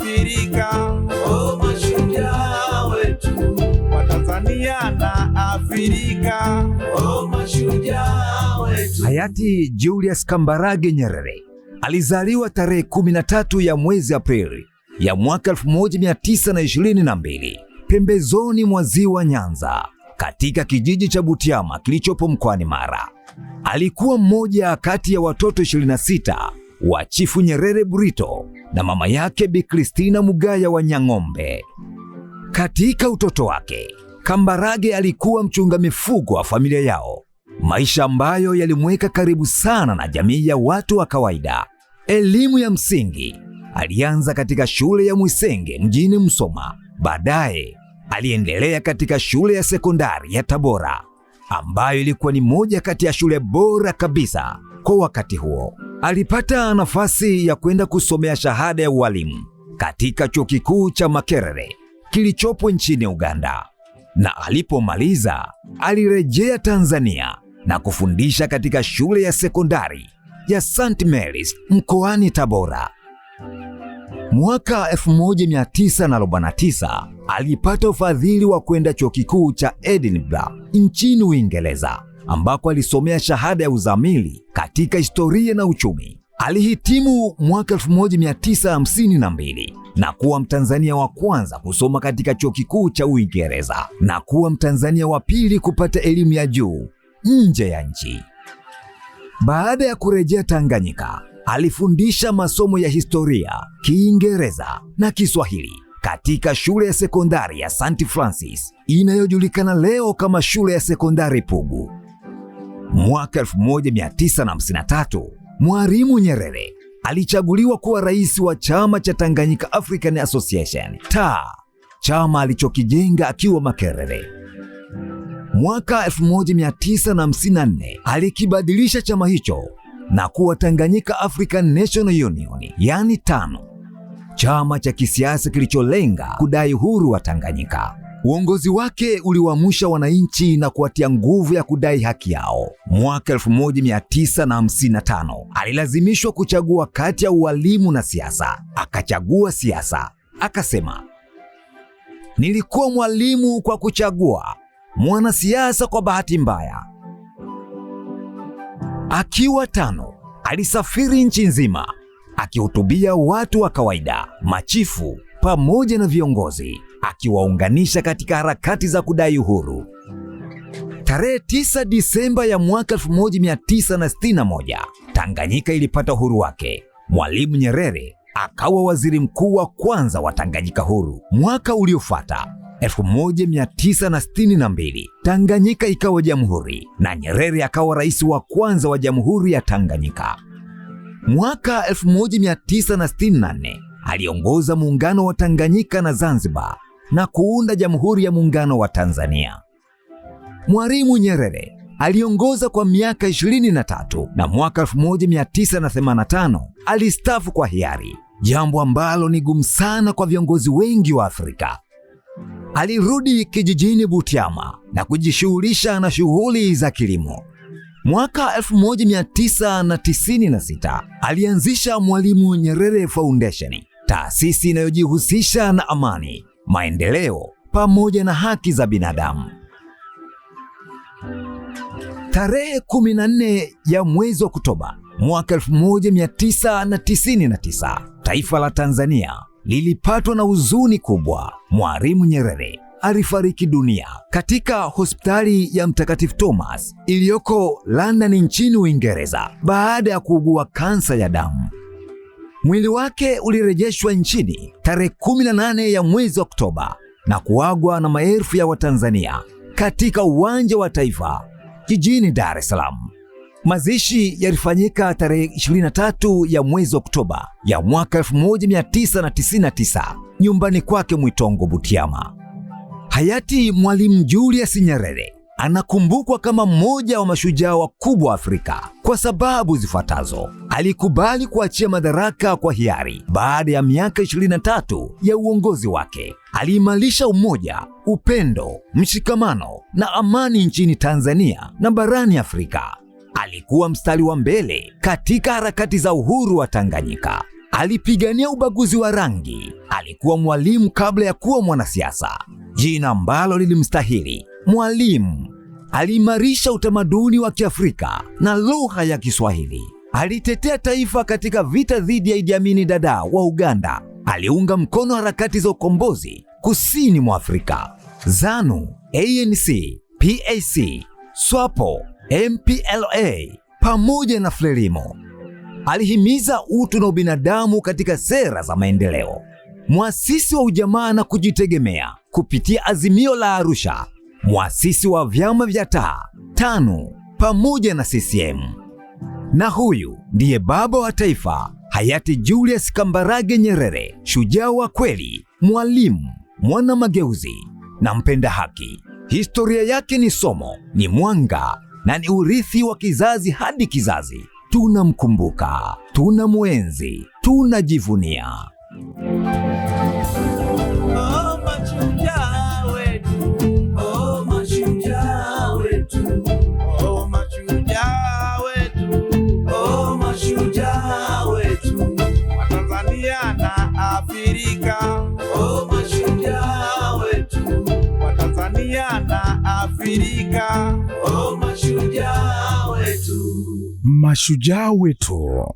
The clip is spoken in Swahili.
Afrika, O mashujaa wetu wa Tanzania na Afrika, O mashujaa wetu. Hayati Julius Kambarage Nyerere alizaliwa tarehe 13 ya mwezi Aprili ya mwaka 1922 pembezoni mwa ziwa Nyanza katika kijiji cha Butiama kilichopo mkoani Mara. Alikuwa mmoja kati ya watoto 26 wa Chifu Nyerere Burito na mama yake Bi Kristina Mugaya wa Nyang'ombe. Katika utoto wake, Kambarage alikuwa mchunga mifugo wa familia yao, maisha ambayo yalimweka karibu sana na jamii ya watu wa kawaida. Elimu ya msingi alianza katika shule ya Mwisenge mjini Msoma. Baadaye aliendelea katika shule ya sekondari ya Tabora ambayo ilikuwa ni moja kati ya shule bora kabisa kwa wakati huo. Alipata nafasi ya kwenda kusomea shahada ya ualimu katika chuo kikuu cha Makerere kilichopo nchini Uganda, na alipomaliza alirejea Tanzania na kufundisha katika shule ya sekondari ya St. Mary's mkoani Tabora. Mwaka 1949 alipata ufadhili wa kwenda chuo kikuu cha Edinburgh nchini Uingereza ambako alisomea shahada ya uzamili katika historia na uchumi. Alihitimu mwaka 1952 na kuwa Mtanzania wa kwanza kusoma katika chuo kikuu cha Uingereza na kuwa Mtanzania wa pili kupata elimu ya juu nje ya nchi. Baada ya kurejea Tanganyika, alifundisha masomo ya historia, Kiingereza na Kiswahili katika shule ya sekondari ya St. Francis inayojulikana leo kama shule ya sekondari Pugu. Mwaka 1953 Mwalimu Nyerere alichaguliwa kuwa rais wa chama cha Tanganyika African Association taa chama alichokijenga akiwa Makerere. Mwaka 1954 alikibadilisha chama hicho na kuwa Tanganyika African National Union, yani TANU, chama cha kisiasa kilicholenga kudai uhuru wa Tanganyika. Uongozi wake uliwaamsha wananchi na kuwatia nguvu ya kudai haki yao. Mwaka 1955 alilazimishwa kuchagua kati ya ualimu na siasa, akachagua siasa. Akasema, nilikuwa mwalimu kwa kuchagua, mwanasiasa kwa bahati mbaya. Akiwa tano, alisafiri nchi nzima akihutubia watu wa kawaida, machifu pamoja na viongozi akiwaunganisha katika harakati za kudai uhuru. Tarehe 9 Disemba ya mwaka 1961 Tanganyika ilipata uhuru wake. Mwalimu Nyerere akawa waziri mkuu wa kwanza wa Tanganyika huru. Mwaka uliofuata 1962 Tanganyika ikawa jamhuri na Nyerere akawa rais wa kwanza wa jamhuri ya Tanganyika. Mwaka 1964 aliongoza muungano wa Tanganyika na Zanzibar na kuunda Jamhuri ya Muungano wa Tanzania. Mwalimu Nyerere aliongoza kwa miaka 23 na mwaka 1985 alistafu kwa hiari, jambo ambalo ni gumu sana kwa viongozi wengi wa Afrika. Alirudi kijijini Butiama na kujishughulisha na shughuli za kilimo. Mwaka 1996 alianzisha Mwalimu Nyerere Foundation, taasisi inayojihusisha na amani, maendeleo pamoja na haki za binadamu. Tarehe 14 ya mwezi Oktoba mwaka 1999 taifa la Tanzania lilipatwa na huzuni kubwa. Mwalimu Nyerere alifariki dunia katika hospitali ya Mtakatifu Thomas iliyoko London nchini Uingereza baada ya kuugua kansa ya damu. Mwili wake ulirejeshwa nchini tarehe 18 ya mwezi Oktoba na kuagwa na maelfu ya Watanzania katika uwanja wa Taifa jijini Dar es Salaam. Mazishi yalifanyika tarehe 23 ya mwezi Oktoba ya mwaka 1999 nyumbani kwake Mwitongo, Butiama. Hayati Mwalimu Julius Nyerere anakumbukwa kama mmoja wa mashujaa wakubwa Afrika kwa sababu zifuatazo. Alikubali kuachia madaraka kwa hiari baada ya miaka 23 ya uongozi wake. Aliimarisha umoja, upendo, mshikamano na amani nchini Tanzania na barani Afrika. Alikuwa mstari wa mbele katika harakati za uhuru wa Tanganyika. Alipigania ubaguzi wa rangi. Alikuwa mwalimu kabla ya kuwa mwanasiasa, jina ambalo lilimstahili Mwalimu aliimarisha utamaduni wa Kiafrika na lugha ya Kiswahili. Alitetea taifa katika vita dhidi ya Idi Amin Dada wa Uganda. Aliunga mkono harakati za ukombozi kusini mwa Afrika. ZANU, ANC, PAC, SWAPO, MPLA pamoja na FRELIMO. Alihimiza utu na ubinadamu katika sera za maendeleo. Mwasisi wa ujamaa na kujitegemea kupitia azimio la Arusha mwasisi wa vyama vya taa tano pamoja na CCM. Na huyu ndiye baba wa taifa hayati Julius Kambarage Nyerere, shujaa wa kweli, mwalimu, mwana mageuzi na mpenda haki. Historia yake ni somo, ni mwanga na ni urithi wa kizazi hadi kizazi. Tunamkumbuka, tunamwenzi, tunajivunia. kutabirika. Oh, mashujaa wetu, mashujaa wetu.